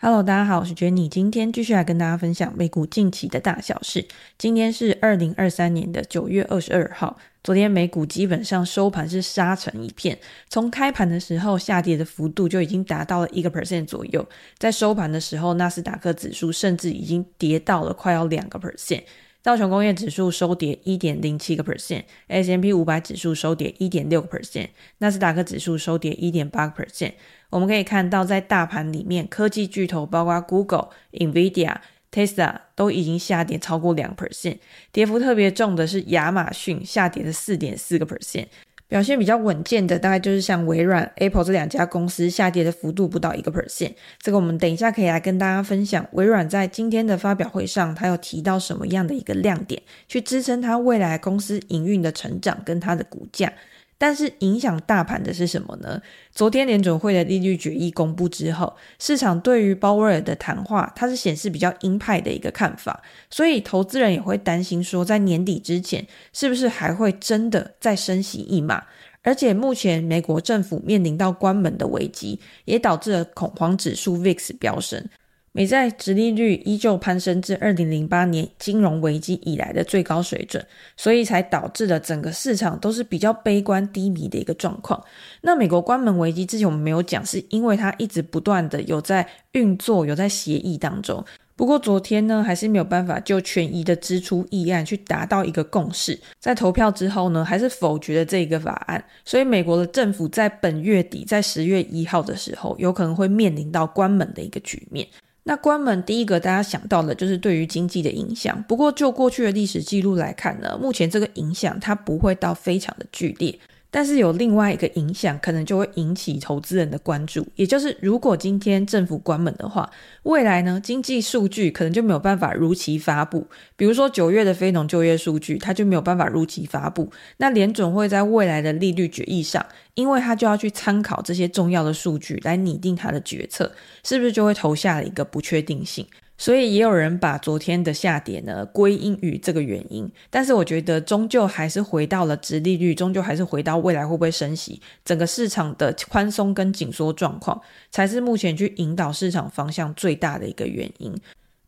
Hello，大家好，我是 Jenny，今天繼續來跟大家分享美股近期的大小事。今天是二零二三年的九月二十二號，昨天美股基本上收盤是殺成一片，從開盤的時候下跌的幅度就已經達到了一個 percent 左右，在收盤的時候，納斯達克指數甚至已經跌到了快要兩個 percent。道瓊工業指數收跌一點零七個 percent，S&P 五百指數收跌一點六個 percent，納斯達克指數收跌一點八個 percent。我們可以看到，在大盤裡面，科技巨頭包括 Google、Nvidia、Tesla 都已經下跌超過兩 percent，跌幅特別重的是亞馬遜，下跌了四點四個 percent。表現比較穩健的，大概就是像微軟、Apple 這兩家公司，下跌的幅度不到一個 percent。這個我們等一下可以來跟大家分享。微軟在今天的發表會上，它有提到什麼樣的一個亮點，去支撐它未來公司營運的成長跟它的股價。但是影響大盤的是什麼呢？昨天聯準會的利率決議公布之後，市場對於鮑威爾的談話，它是顯示比較鷹派的一個看法，所以投資人也會擔心說，在年底之前，是不是還會真的再升息一碼？而且目前美國政府面臨到關門的危機，也導致了恐慌指數 VIX 飆升。美債殖利率依舊攀升至二零零八年金融危機以來的最高水準，所以才導致了整個市場都是比較悲觀低迷的一個狀況。那美國關門危機之前我們沒有講，是因為它一直不斷的有在運作，有在協議當中。不過昨天呢，還是沒有辦法就權宜的支出議案去達到一個共識，在投票之後呢，還是否決了這一個法案。所以美國的政府在本月底，在十月一號的時候，有可能會面臨到關門的一個局面。那關門，第一個大家想到的，就是對於經濟的影響。不過，就過去的歷史記錄來看呢，目前這個影響它不會到非常的劇烈。但是有另外一個影響，可能就會引起投資人的關注，也就是如果今天政府關門的話，未來呢，經濟數據可能就沒有辦法如期發布，比如說九月的非農就業數據，它就沒有辦法如期發布。那聯準會在未來的利率決議上，因為他就要去參考這些重要的數據來擬定他的決策，是不是就會投下了一個不確定性？所以也有人把昨天的下跌呢歸因於這個原因，但是我覺得終究還是回到了殖利率，終究還是回到未來會不會升息，整個市場的寬鬆跟緊縮狀況才是目前去引導市場方向最大的一個原因。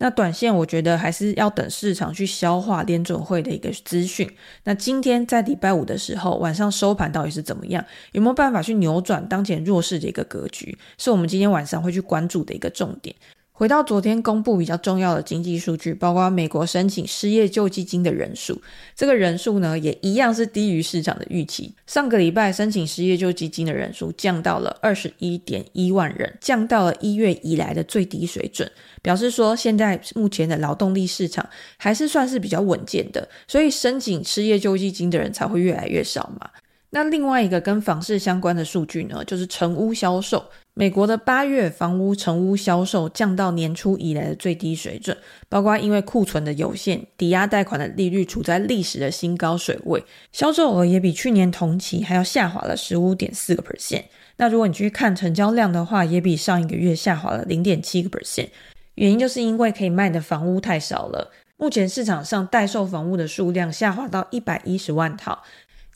那短線我覺得還是要等市場去消化聯準會的一個資訊。那今天在禮拜五的時候晚上收盤到底是怎麼樣？有沒有辦法去扭轉當前弱勢的一個格局？是我們今天晚上會去關注的一個重點。回到昨天公布比較重要的經濟數據，包括美國申請失業救濟金的人數，這個人數呢也一樣是低於市場的預期。上個禮拜申請失業救濟金的人數降到了二十一點一萬人，降到了一月以來的最低水準，表示說現在目前的勞動力市場還是算是比較穩健的，所以申請失業救濟金的人才會越來越少嘛。那另外一個跟房市相關的數據呢，就是成屋銷售。美國的八月房屋成屋銷售降到年初以來的最低水準，包括因為庫存的有限，抵押貸款的利率處在歷史的新高水位，銷售額也比去年同期還要下滑了十五點四個 percent。那如果你去看成交量的話，也比上一個月下滑了零點七個 percent。原因就是因為可以賣的房屋太少了，目前市場上待售房屋的數量下滑到一百一十萬套。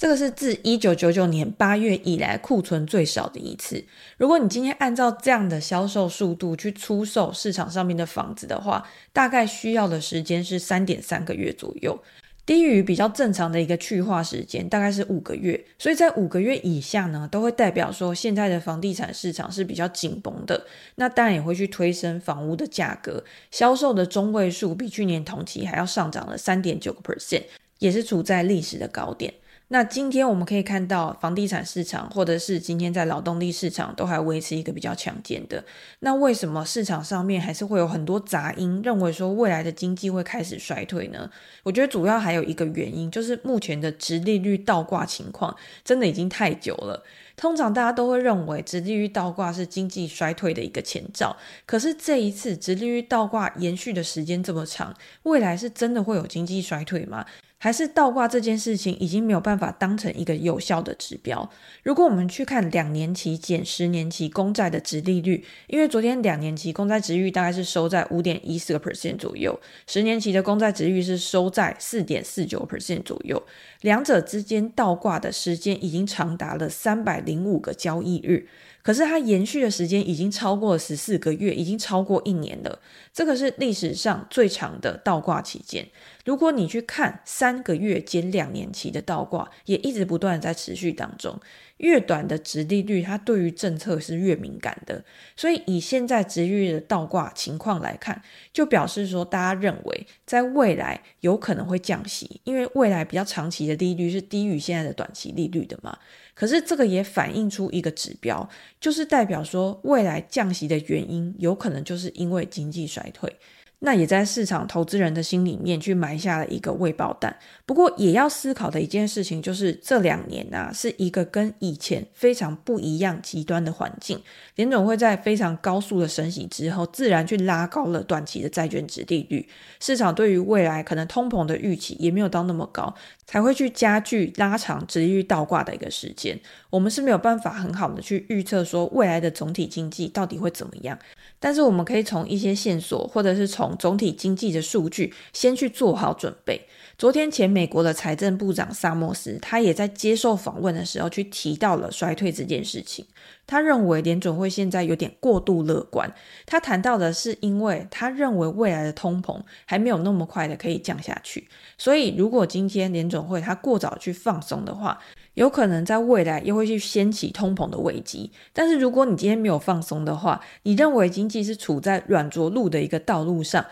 這個是自一九九九年八月以來庫存最少的一次。如果你今天按照這樣的銷售速度去出售市場上面的房子的話，大概需要的時間是三點三個月左右，低於比較正常的一個去化時間，大概是五個月。所以在五個月以下呢，都會代表說現在的房地產市場是比較緊繃的。那當然也會去推升房屋的價格，銷售的中位數比去年同期還要上漲了三點九個 percent，也是處在歷史的高點。那今天我們可以看到，房地產市場或者是今天在勞動力市場都還維持一個比較強健的。那為什麼市場上面還是會有很多雜音，認為說未來的經濟會開始衰退呢？我覺得主要還有一個原因，就是目前的殖利率倒掛情況真的已經太久了。通常大家都會認為殖利率倒掛是經濟衰退的一個前兆，可是這一次殖利率倒掛延續的時間這麼長，未來是真的會有經濟衰退嗎？還是倒掛這件事情已經沒有辦法當成一個有效的指標。如果我們去看兩年期減十年期公債的殖利率，因為昨天兩年期公債殖利率大概是收在五點一四個 percent 左右，十年期的公債殖利率是收在四點四九 percent 左右，兩者之間倒掛的時間已經長達了三百零五個交易日，可是它延續的時間已經超過了十四個月，已經超過一年了，這個是歷史上最長的倒掛期間。如果你去看三個月兼兩年期的倒掛，也一直不斷在持續當中。越短的殖利率，它對於政策是越敏感的。所以以現在殖利率的倒掛情況來看，就表示說大家認為在未來有可能會降息，因為未來比較長期的利率是低於現在的短期利率的嘛。可是這個也反映出一個指標，就是代表說未來降息的原因，有可能就是因為經濟衰退。那也在市場投資人的心裡面去埋下了一個未爆彈。不過也要思考的一件事情就是，這兩年呢、啊、是一個跟以前非常不一樣、極端的環境。聯準會在非常高速的升息之後，自然去拉高了短期的債券殖利率。市場對於未來可能通膨的預期也沒有到那麼高，才會去加劇拉長殖利率倒掛的一個時間。我們是沒有辦法很好的去預測說未來的總體經濟到底會怎麼樣。但是我們可以從一些線索，或者是從總體經濟的數據，先去做好準備。昨天前美國的財政部長薩默斯，他也在接受訪問的時候去提到了衰退這件事情。他認為聯準會現在有點過度樂觀。他談到的是，因為他認為未來的通膨還沒有那麼快的可以降下去，所以如果今天聯準會他過早去放鬆的話，有可能在未來又會去掀起通膨的危機，但是如果你今天沒有放鬆的話，你認為經濟是處在軟着陸的一個道路上。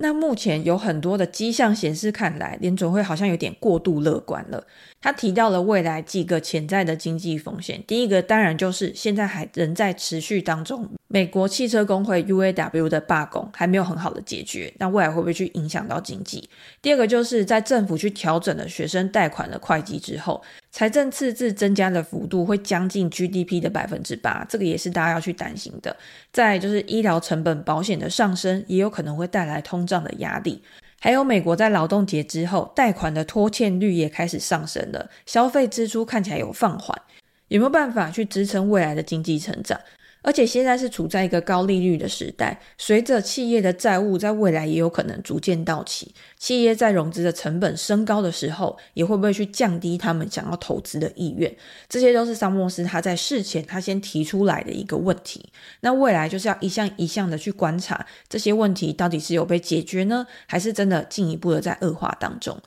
那目前有很多的跡象顯示，看來聯準會好像有點過度樂觀了。他提到了未來幾個潛在的經濟風險，第一個當然就是現在還仍在持續當中，美國汽車工會 UAW 的罷工還沒有很好的解決，那未來會不會去影響到經濟？第二個就是在政府去調整了學生貸款的會計之後。財政赤字增加的幅度會將近 GDP 的百分之八，這個也是大家要去擔心的。再就是醫療成本、保險的上升，也有可能會帶來通脹的壓力。還有美國在勞動節之後，貸款的拖欠率也開始上升了，消費支出看起來有放緩，有沒有辦法去支撐未來的經濟成長？而且現在是處在一個高利率的時代，隨着企業的債務在未來也有可能逐漸到期，企業在融資的成本升高的時候，也會不會去降低他們想要投資的意願？這些都是薩莫斯他在事前他先提出來的一個問題。那未來就是要一項一項的去觀察，這些問題到底是有被解決呢，還是真的進一步的在惡化當中？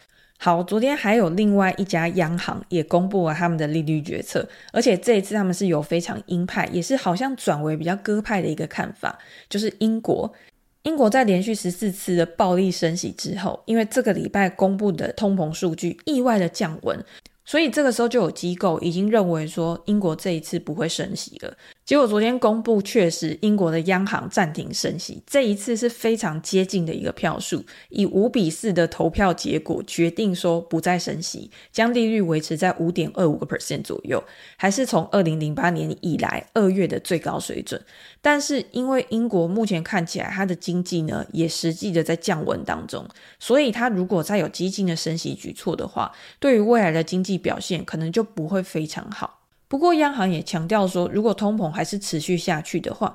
好，昨天還有另外一家央行也公布了他們的利率決策，而且這一次他們是由非常鷹派，也是好像轉為比較鴿派的一個看法，就是英國，英國在連續十四次的暴力升息之後，因為這個禮拜公布的通膨數據意外的降溫，所以這個時候就有機構已經認為說，英國這一次不會升息了。結果昨天公布，確實英國的央行暫停升息。這一次是非常接近的一個票數，以五比四的投票結果決定說不再升息，將利率維持在五點二五個 percent 左右，還是從二零零八年以來二月的最高水準。但是，因為英國目前看起來它的經濟呢也實際的在降溫當中，所以它如果再有激進的升息舉措的話，對於未來的經濟表現可能就不會非常好。不過，央行也強調說，如果通膨還是持續下去的話，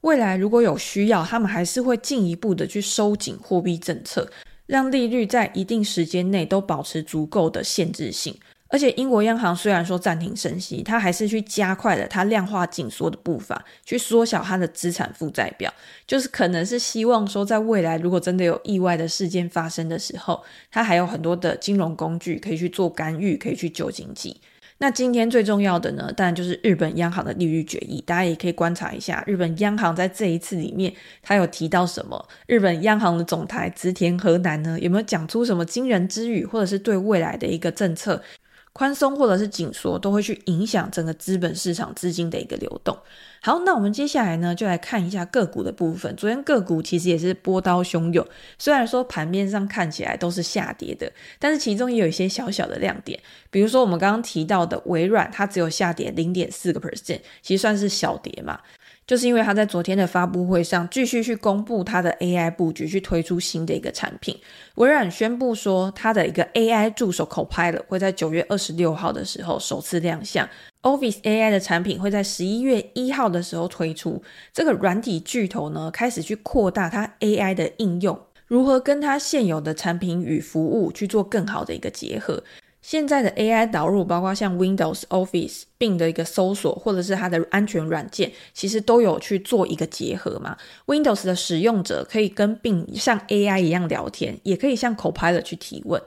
未來如果有需要，他們還是會進一步的去收緊貨幣政策，讓利率在一定時間內都保持足夠的限制性。而且，英國央行雖然說暫停升息，它還是去加快了它量化緊縮的步伐，去縮小它的資產負債表。就是可能是希望說，在未來如果真的有意外的事件發生的時候，它還有很多的金融工具可以去做干預，可以去救經濟。那今天最重要的呢，當然就是日本央行的利率決議。大家也可以觀察一下，日本央行在這一次裡面，他有提到什麼？日本央行的總裁植田和男呢，有沒有講出什麼驚人之語，或者是對未來的一個政策寬鬆或者是緊縮，都會去影響整個資本市場資金的一個流動。好，那我們接下來呢，就來看一下個股的部分。昨天個股其實也是波濤洶湧，雖然說盤面上看起來都是下跌的，但是其中也有一些小小的亮點。比如說我們剛剛提到的微軟，它只有下跌零點四個 percent，其實算是小跌嘛。就是因為它在昨天的發布會上繼續去公布它的 AI 布局，去推出新的一個產品。微軟宣布說，它的一個 AI 助手 Copilot 會在九月二十六號的時候首次亮相。Office AI 的產品會在十一月一號的時候推出。這個軟體巨頭呢，開始去擴大它 AI 的應用，如何跟它現有的產品與服務去做更好的一個結合？現在的 AI 導入，包括像 Windows Office 並的一個搜索，或者是它的安全軟件，其實都有去做一個結合嘛。Windows 的使用者可以跟並像 AI 一樣聊天，也可以像 Copilot 去提問。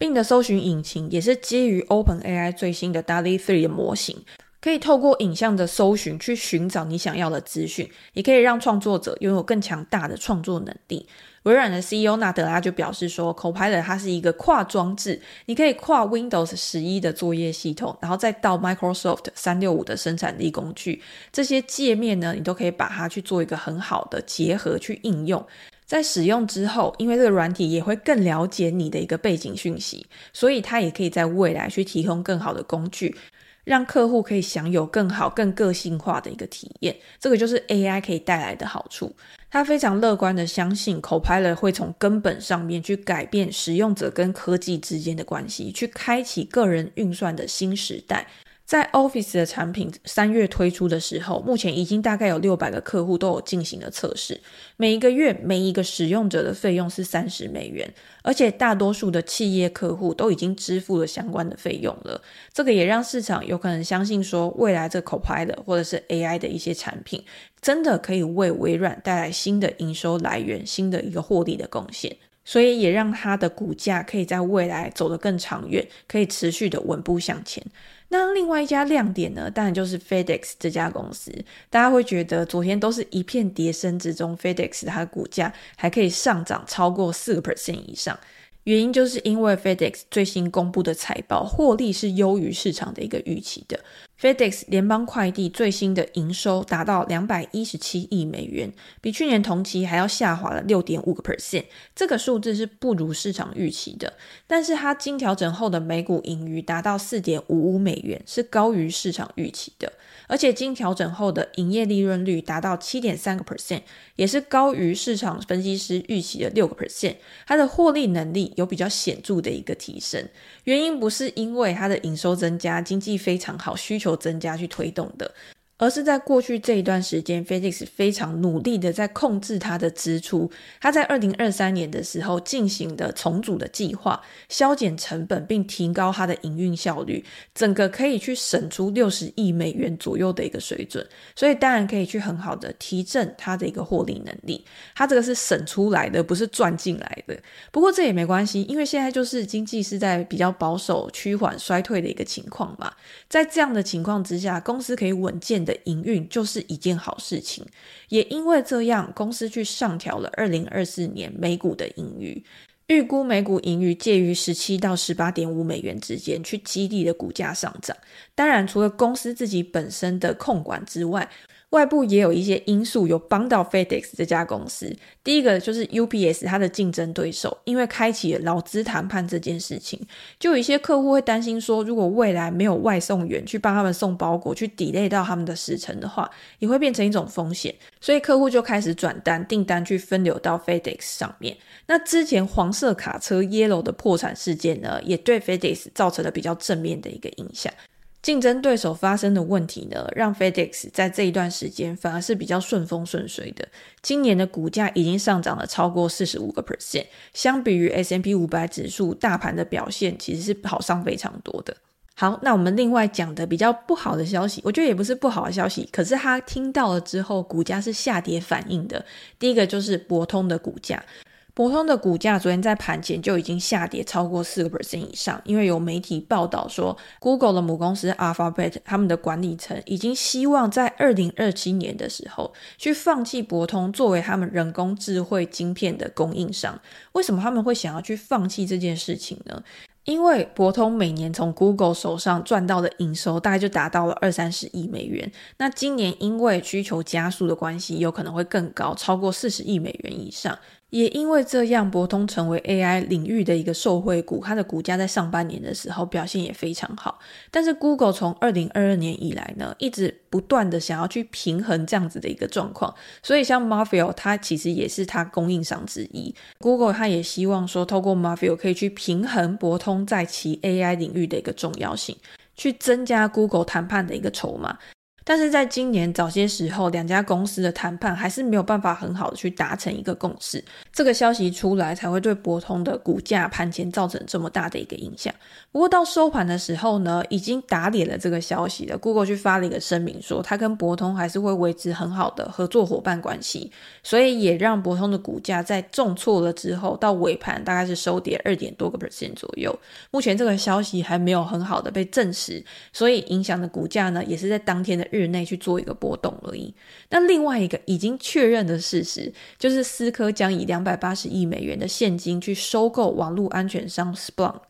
Bing 的搜尋引擎也是基於 OpenAI 最新的 Dall-E 3的模型，可以透過影像的搜尋去尋找你想要的資訊，也可以讓創作者擁有更強大的創作能力。微軟的 CEO 納德拉就表示說，Copilot 它是一個跨裝置，你可以跨 Windows 十一的作業系統，然後再到 Microsoft 三六五的生產力工具，這些界面呢，你都可以把它去做一個很好的結合去應用。在使用之後，因為這個軟體也會更了解你的一個背景訊息，所以它也可以在未來去提供更好的工具，讓客戶可以享有更好、更個性化的一個體驗。這個就是 AI 可以帶來的好處。他非常樂觀的相信，Copilot 會從根本上面去改變使用者跟科技之間的關係，去開啟個人運算的新時代。在 Office 的產品三月推出的時候，目前已經大概有六百個客戶都有進行了測試。每一個月，每一個使用者的費用是三十美元，而且大多數的企業客戶都已經支付了相關的費用了。這個也讓市場有可能相信說，未來這 Copilot 或者是 AI 的一些產品，真的可以為微軟帶來新的營收來源、新的一個獲利的貢獻。所以也讓它的股價可以在未來走得更長遠，可以持續的穩步向前。那另外一家亮點呢，當然就是 FedEx 這家公司，大家會覺得昨天都是一片跌勢之中，FedEx 它的股價還可以上漲超過四個 percent 以上，原因就是因為 FedEx 最新公布的財報獲利是優於市場的一個預期的。FedEx 聯邦快遞最新的營收達到兩百一十七億美元，比去年同期還要下滑了六點五個 percent。這個數字是不如市場預期的，但是它經調整後的每股盈餘達到四點五五美元，是高於市場預期的。而且經調整後的營業利潤率達到七點三個 percent，也是高於市場分析師預期的六個 percent。它的獲利能力有比較顯著的一個提升，原因不是因為它的營收增加，經濟非常好，需求，有增加去推動的，而是在過去這一段時間，FedEx 非常努力的在控制它的支出。它在二零二三年的時候進行的重組的計劃，削減成本並提高它的營運效率，整個可以去省出六十億美元左右的一個水準，所以當然可以去很好的提振它的一個獲利能力。它這個是省出來的，不是賺進來的。不過這也沒關係，因為現在就是經濟是在比較保守、趨緩、衰退的一個情況嘛。在這樣的情況之下，公司可以穩健的營運就是一件好事情，也因為這樣，公司去上調了二零二四年每股的盈餘，預估每股盈餘介於十七到十八點五美元之間，去激勵的股價上漲。當然，除了公司自己本身的控管之外。外部也有一些因素有幫到 FedEx 這家公司。第一個就是 UPS，它的競爭對手，因為開啟了勞資談判這件事情，就有一些客戶會擔心說，如果未來沒有外送員去幫他們送包裹，去 delay 到他們的時程的話，也會變成一種風險。所以客戶就開始轉單訂單去分流到 FedEx 上面。那之前黃色卡車 Yellow 的破產事件呢，也對 FedEx 造成了比較正面的一個影響。競爭對手發生的問題呢，讓 FedEx 在這一段時間反而是比較順風順水的。今年的股價已經上漲了超過四十五個 percent，相比於 S&P 五百指數大盤的表現，其實是好上非常多的。好，那我們另外講的比較不好的消息，我覺得也不是不好的消息，可是他聽到了之後，股價是下跌反應的。第一個就是博通的股價。博通的股價昨天在盤前就已經下跌超過四個 percent 以上，因為有媒體報道說，Google 的母公司 Alphabet 他們的管理層已經希望在二零二七年的時候去放棄博通作為他們人工智慧晶片的供應商。為什麼他們會想要去放棄這件事情呢？因為博通每年從 Google 手上賺到的營收大概就達到了二三十億美元，那今年因為需求加速的關係，有可能會更高，超過四十億美元以上。也因為這樣，博通成為 AI 領域的一個受惠股，它的股價在上半年的時候表現也非常好。但是 Google 從二零二二年以來呢，一直不斷的想要去平衡這樣子的一個狀況，所以像 Marvell 它其實也是它供應商之一，Google 它也希望說透過 Marvell 可以去平衡博通在其 AI 領域的一個重要性，去增加 Google 談判的一個籌碼。但是在今年早些時候，兩家公司的談判還是沒有辦法很好的去達成一個共識。這個消息出來才會對博通的股價盤前造成這麼大的一個影響。不過到收盤的時候呢，已經打臉了這個消息了。Google 去發了一個聲明說，說它跟博通還是會維持很好的合作夥伴關係，所以也讓博通的股價在重挫了之後，到尾盤大概是收跌二點多個 percent 左右。目前這個消息還沒有很好的被證實，所以影響的股價呢，也是在當天的。日內去做一個波動而已。那另外一個已經確認的事實，就是思科將以兩百八十億美元的現金去收購網絡安全商 Splunk。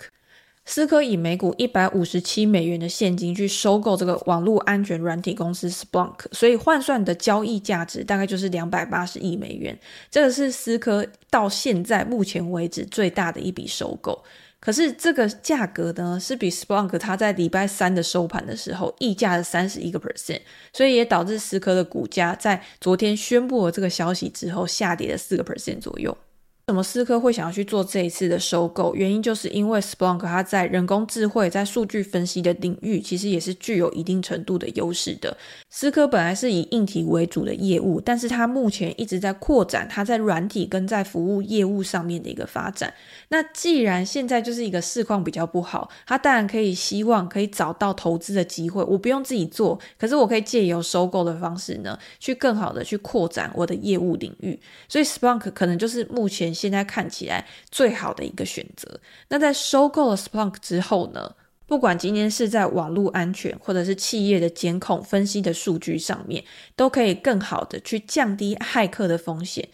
思科以每股一百五十七美元的現金去收購這個網絡安全軟體公司 Splunk，所以換算的交易價值大概就是兩百八十億美元。這個是思科到現在目前為止最大的一筆收購。可是這個價格呢，是比 Splunk 它在禮拜三的收盤的時候溢價了三十一個 percent，所以也導致思科的股價在昨天宣布了這個消息之後下跌了四個 percent 左右。為什麼思科會想要去做這一次的收購？原因就是因為 Splunk 它在人工智慧、在數據分析的領域，其實也是具有一定程度的優勢的。思科本來是以硬體為主的業務，但是它目前一直在擴展它在軟體跟在服務業務上面的一個發展。那既然現在就是一個市況比較不好，它當然可以希望可以找到投資的機會，我不用自己做，可是我可以借由收購的方式呢，去更好的去擴展我的業務領域。所以 Splunk 可能就是目前。現在看起來最好的一個選擇。那在收購了 Splunk 之後呢，不管今天是在網路安全，或者是企業的監控分析的數據上面，都可以更好的去降低駭客的風險。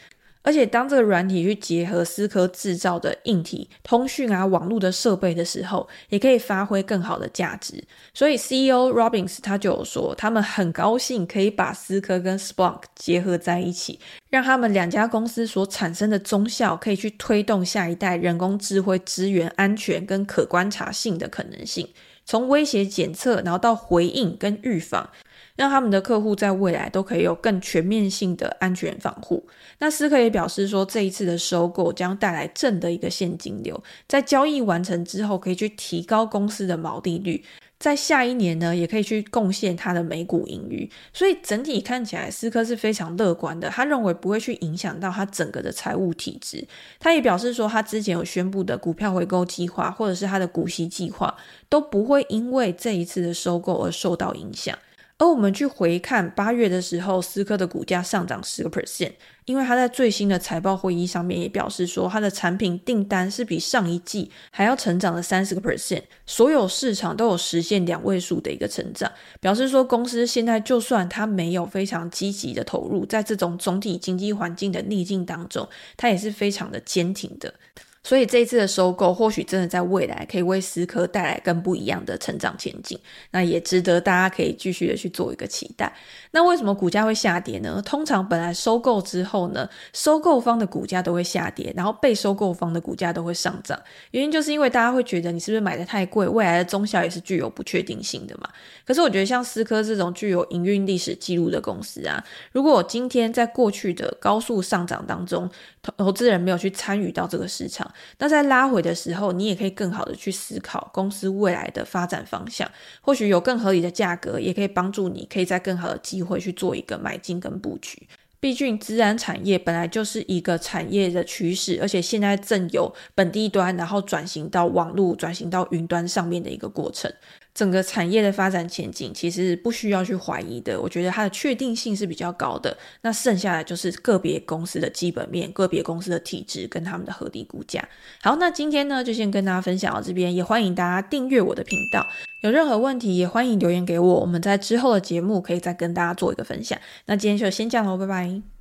而且，當這個軟體去結合思科製造的硬體通訊啊、網絡的設備的時候，也可以發揮更好的價值。所以，CEO Robbins 他就有說，他們很高興可以把思科跟 Splunk 結合在一起，讓他們兩家公司所產生的綜效，可以去推動下一代人工智慧資源安全跟可觀察性的可能性。從威脅檢測，然後到回應跟預防，讓他們的客戶在未來都可以有更全面性的安全防護。那斯克也表示說，這一次的收購將帶來正的一個現金流，在交易完成之後，可以去提高公司的毛利率。在下一年呢，也可以去貢獻它的每股盈餘，所以整體看起來，思科是非常樂觀的。他認為不會去影響到他整個的財務體制。他也表示說，他之前有宣布的股票回購計劃，或者是他的股息計劃，都不會因為這一次的收購而受到影響。而我們去回看八月的時候，思科的股價上漲十個 percent，因為他在最新的財報會議上面也表示說，他的產品訂單是比上一季還要成長了三十個 percent，所有市場都有實現兩位數的一個成長，表示說公司現在就算它沒有非常積極的投入，在這種總體經濟環境的逆境當中，它也是非常的堅挺的。所以這一次的收購，或許真的在未來可以為思科帶來更不一樣的成長前景，那也值得大家可以繼續的去做一個期待。那為什麼股價會下跌呢？通常本來收購之後呢，收購方的股價都會下跌，然後被收購方的股價都會上漲，原因就是因為大家會覺得你是不是買的太貴，未來的中小也是具有不確定性的嘛。可是我覺得像思科這種具有營運歷史記錄的公司啊，如果我今天在過去的高速上漲當中，投資人沒有去參與到這個市場，那在拉回的時候，你也可以更好的去思考公司未來的發展方向，或許有更合理的價格，也可以幫助你可以在更好的機會去做一個買進跟布局。畢竟，資安產業本來就是一個產業的趨勢，而且現在正由本地端，然後轉型到網絡，轉型到雲端上面的一個過程。整個產業的發展前景其實不需要去懷疑的，我覺得它的確定性是比較高的。那剩下的就是個別公司的基本面、個別公司的體質跟他們的合理股價。好，那今天呢就先跟大家分享到這邊，也歡迎大家訂閱我的頻道，有任何問題也歡迎留言給我，我們在之後的節目可以再跟大家做一個分享。那今天就先講嘍，拜拜。